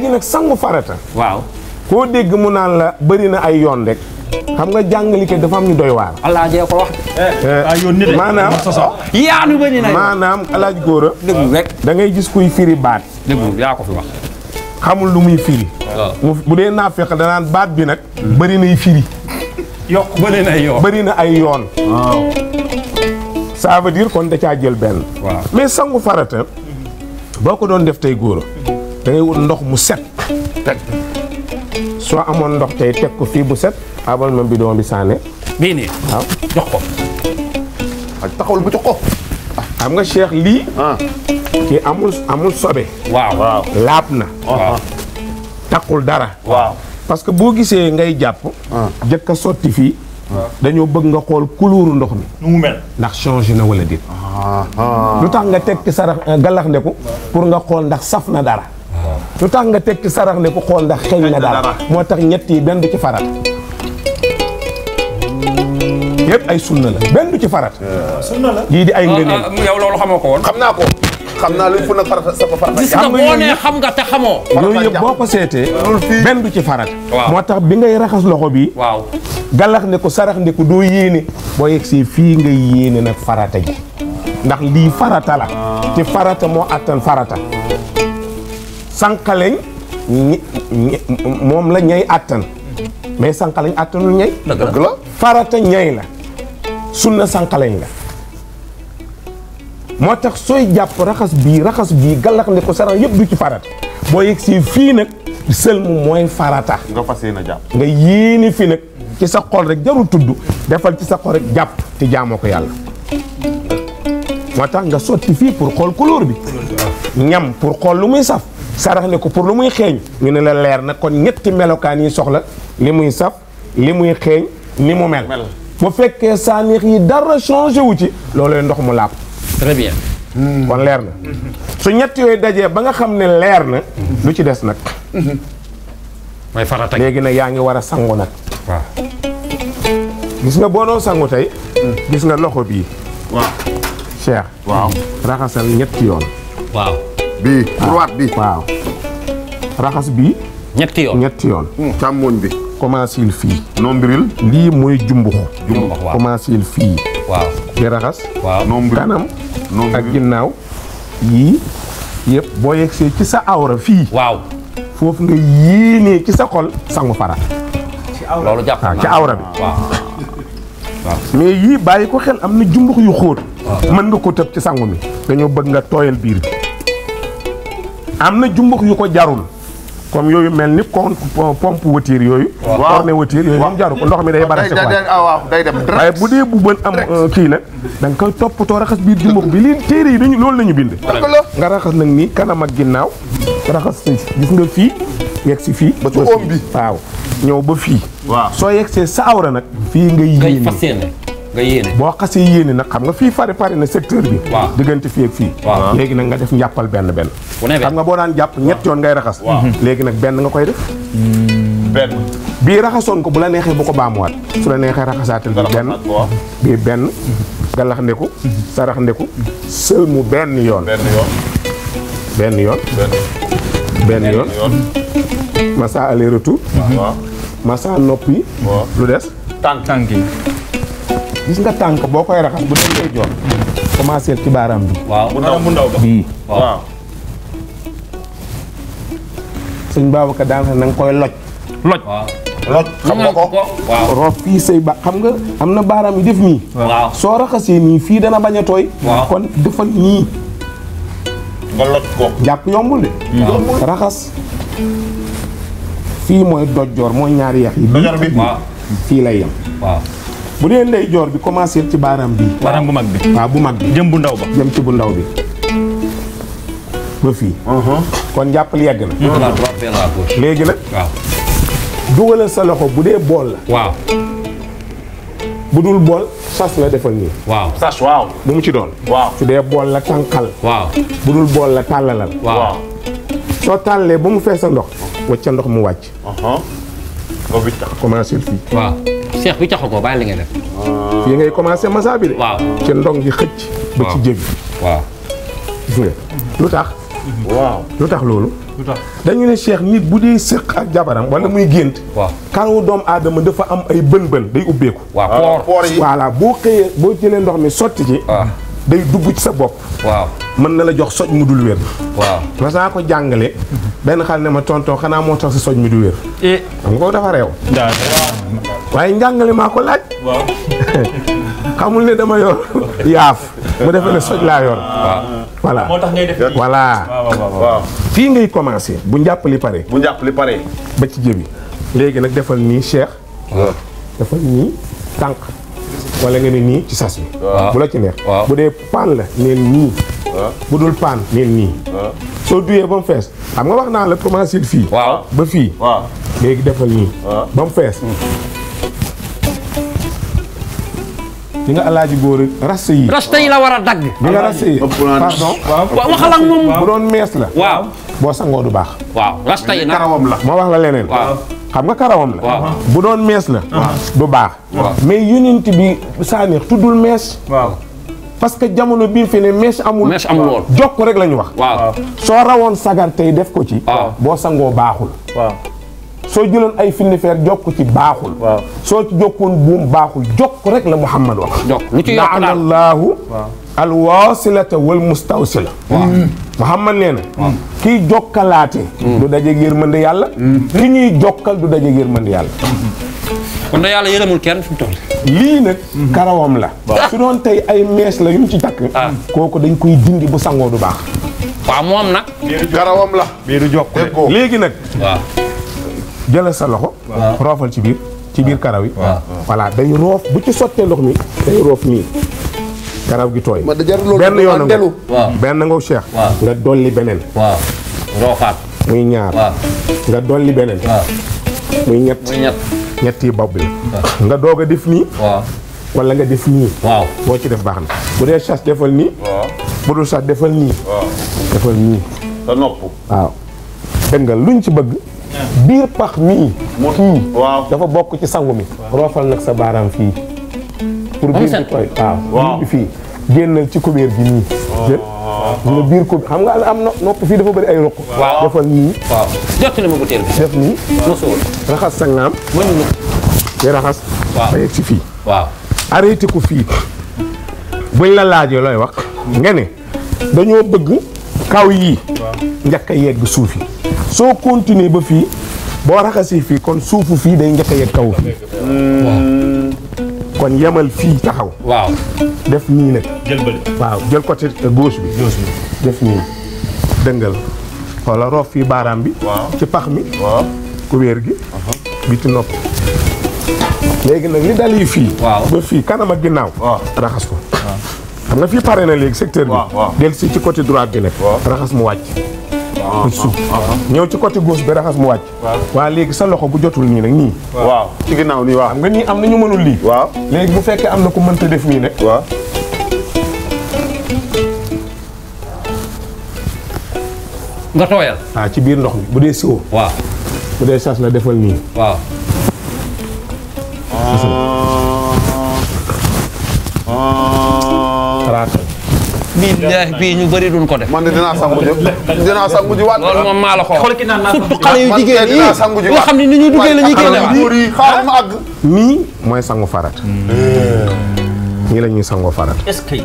léegi nag sangu farata. waaw koo dégg mu naan la bëri na ay yoon rek. xam nga jàngalike dafa am ñu doy waar. alaaji ko wax. Eh, eh, maanaam. yaanu bëri na maanaam alaaj góora a. dëgg rek da ngay gis kuy firi baat. dëgg yaa ko xamul lu muy firi. Ah. bu dee naa fekk danaan baat bi nag. bëri nay firi. yokk bëri na ay yoon bëri na ay yoon. ça veut dire kon da caa jël benn. mais sangu farata. boo ko doon def tey góor da wut ndox mu set soo amoon ndox tey teg ko fii bu set abal ma bidon bi saane mii nii waaw jox ko taxul taxawul bu jox ko xam nga Cheikh lii ah. kii amul amul sobe waaw laab na uh-huh. taqul dara waaw parce que boo gisee ngay jàpp ah. jëkk a sotti fii ah. dañoo bëgg nga xool kuluuru ndox mi nu mu mel ndax changé na wala déet lu tax nga teg ci sarax galax ndeku pour nga xool ndax saf na dara su tax nga teg ci sarax le xool ndax xew na daal moo tax ñett yi benn du ci farat yëpp ay sunna la benn du ci farat sunna la lii di ay ngeneen ah, ah, yow ko woon xam naa ko xam naa luy nga xam nga te xamoo yooyu yëpp boo ko seetee benn du ci farat moo tax bi ngay raxas loxo bi waaw galax ne ko sarax ne ko doo yéene boo yegsee fii ngay yéene nag farata ji ndax lii farata la ah. te farata moo attan farata sànqaleñ moom la ñay àttan mais sànqaleñ àttanul ñay la farata ñay la sunna sànqaleñ la moo tax sooy jàpp raxas bii raxas bii galax ne ko saran yëpp du ci farat boo yegg si fii nag sëlmu mooy farata nga fas yéene jàpp nga yéene fi nag ci sa xol rek jarul tudd defal ci sa xol rek jàpp te jaamoo ko yàlla moo tax nga sotti fii pour xool couleur bi ñam pour xool lu muy saf sarax le ko pour lu muy xeeñ ñu ne la leer na kon ñetti melokaan yi soxla li muy saf li muy xeeñ ni mu mel bu fekkee saanix yi dara changé wu ci loolooy ndox mu laab très hmm. kon leer na su ñett yooyu dajee ba nga xam ne leer na lu ci des nag mooy farata léegi nag yaa ngi war a sangu nag waaw gis nga boo sangu tey gis nga loxo bii waaw raxasal ñetti yoon bii droite bi waaw raxas bi ñetti yoon ñetti hmm. bi commencé il fii nombril lii mooy jumbux jumbux waaw commencé fii di raxas waaw nombril kanam ak ginnaaw yii yëpp boo yegsee ci sa awra fii waaw foofu nga yéenee ci sa xol sangu farat loolu jàpp ah, ci awra bi mais yii bàyyi ko xel am na jumbux yu xóot mën nga ko tëb ci sangu mi dañoo bëgg nga tooyal biir bi am na jumbux yu ko jarul comme yooyu mel ni pompe pompe voiture yooyu. waaw corne voiture yooyu jaru ko ndox mi day. bara day day ah, dem waaye bu dee bu am euh, kii nag. danga nga koy toppatoo raxas biir jumbux bi lii téere yi dañu loolu la ñu bind. nga raxas nag nii kanam ginnaaw. raxas gis nga fii. yegg si fii ba ci oom bi waaw ñëw ba fii. waaw soo yegg see sa awra nag. fii nga yéene nga yéene boo xasee yéene nag xam nga fii pare pare na secteur bi waaw diggante fii ak fii léegi nag nga def njàppal benn benn xam nga boo daan jàpp ñett yoon ngay raxas mm-hmm. léegi nag benn nga koy def mm-hmm. bii raxasoon ko bu la neexee bu ko baamuwaat su la neexee raxasaatal bi benn bii benn mm-hmm. galax ndeku sarax ndeku sël mu benn yoon benn yoon benn yoon massa aller retour massa nopp yi lu des tànk tànk yi gis nga tànk boo koy raxas bu dee ngay joor ci baaraam bi. waaw bu ndaw sëñ Babacar daanaka na koy loj. loj ko waaw. roof fii say ba xam nga am na baaraam yi def nii. soo raxasee nii fii dana bañ a kon defal nii. nga loj ko. jàpp yombul de. raxas. fii mooy dojjoor mooy ñaari yax yi. dojjoor fii lay yem. bu dee ndeyjoor bi commencé ci baaraam bi baaraam bu mag bi waaw bu mag bi jëm bu ndaw ba jëm ci bu ndaw bi ba fii uh-huh. kon jàppal yegg na mmh. léegi nag dugalal sa loxo bu dee bool la waaw bu dul bool sas la defal nii waaw sas waaw bu mu ci doon waaw su dee bool la tànqal waaw bu dul bool la tàllalal waaw soo tàllee ba mu fees sa ndox wacca ndox mu wàcc uh-huh. nga fii seex bi caxu ko baa li ngay def. fii ah. ngay commencé massa bi de. waaw ci ndong gi xëcc. ba ci jëbi. waaw lu tax. lu tax loolu. lu dañu ne Cheikh nit bu dee sëq ak jabaram wala muy gént. waaw kanu doomu aadama dafa am ay bën-bën day ubbeeku. waaw poor yi boo xëyee boo jëlee ndox mi sotti ci. Ah. day dugg ci sa bopp. waaw mën na la jox soj mu dul wér. waaw mas naa ko jàngale. benn xale ne ma tonton xanaa moo tax si soj mu dul wér. Eh. nga ko dafa réew. waaye njàngale maa ko laaj. xamul ne dama yor yaaf. mu defee ne soj laa yoon voilà moo tax ngay fii ngay commencé bu njàpp li pare. bu njàpp li ba ci jëbi léegi nag defal nii cheikh. defal nii tànk. walla nga ne nii ci sas bi. bu la ci neex. bu dee paan la neen nii. bu dul paan neen nii. soo duyee ba mu fees xam nga wax naa la commencé fii. ba fii. léegi defal nii. ba mu fees. Hmm. di nga alaaji góor rasta yi. rasta yi la war a dagg. di nga rasta yi pardon waaw bu doon mees la. boo sangoo du baax. waaw rasta yi nag la. ma wax la leneen. xam nga karawam la. bu doon mees la. du baax. mais yonent bi saanix tuddul mees. waaw parce que jamono bii fi ne mees amul. mees amul woon jokk rek la ñu wax. waaw soo rawoon sagar tey def ko ci. boo sangoo baaxul. soo jëloon ay filifeer jokk ci baaxul. soo ci jokkoon buum baaxul jokk rek la Muhammad wax. jokk lu ci yokk daal laahu alwasilata wal mustawsila hmm. Muhammad nee na. kii jokkalaate. Hmm. du daje yërmande yàlla. Hmm. ki ñuy jokkal du daje yërmande yàlla. kon da yàlla yërëmul kenn fi lii nag. karawam la. su doon tey ay mees la yu mu ci takk. Ah. kooku dañ koy dindi bu sangoo du baax. waaw moom nag. karawam la. biiru jokk léegi nag. jëlal sa loxo. roofal ci biir ci biir karaw yi. voilà day roof bu ci sottee lox mi day roof nii. karaw gi tooy. benn yoon nga benn nga cheikh. nga dolli beneen. waaw roofaat. muy beneen. muy ñett muy ñett. ñett yi bopp bi nga doog a def nii. wala nga def nii. waaw ci def baax na. bu dee chasse defal nii. bu dul chasse defal nii. defal nii. sa nopp waaw. dégg nga luñ ci bëgg. biir pax mii. kii dafa bokk ci sangu mi. roofal nag sa baaraam fii. pour biir bi koy waaw biir bi fii. génnal ci kubéer bi nii. waaw oh. ko xam nga am na fii dafa bëri ay roq. waaw ma butéel bi. def nii. raxas sa naam. mën raxas. waaw yegg si fii. waaw ko fii buñ la laajee looy wax. nga ne dañoo bëgg kaw yii. waaw yegg suuf yi. soo continuer ba fii boo raxasee fii kon suufu fii day njëkk a yegg kaw fii hmm. kon yemal fii taxaw waaw def nii nag jël waaw jël côté gauche bi bi def nii dëngal walla roof fii baaraam bi ci pax mi waaw kubéer gi uh-huh. bi ci nopp léegi nag li dal fii ba fii kanam a ginnaaw raxas ko xam nga fii pare na léegi secteur bi del si ci côté droite bi nag raxas mu wàcc ñëw ci côté gauche bi raxas mu wàcc waa léegi sa loxo bu jotul nii nag nii waaw ci ginnaaw nii waaw xam nga nii am na ñu mënul lii waaw léegi bu fekkee am na ku mënta def nii nag waaw nga tooyal waaw ah, ci biir ndox mi bu dee siwo waaw bu dee sas la defal nii waaw billahi bii ñu bëri duñ ko def man de dinaa sangu ji dinaa sangu loolu moom maa la ko xool xale yu jigéen yi nga xam ni ñuy duggee la ñuy génne xaar ma àgg mii mooy sangu farat ñi la ñuy sangoo farat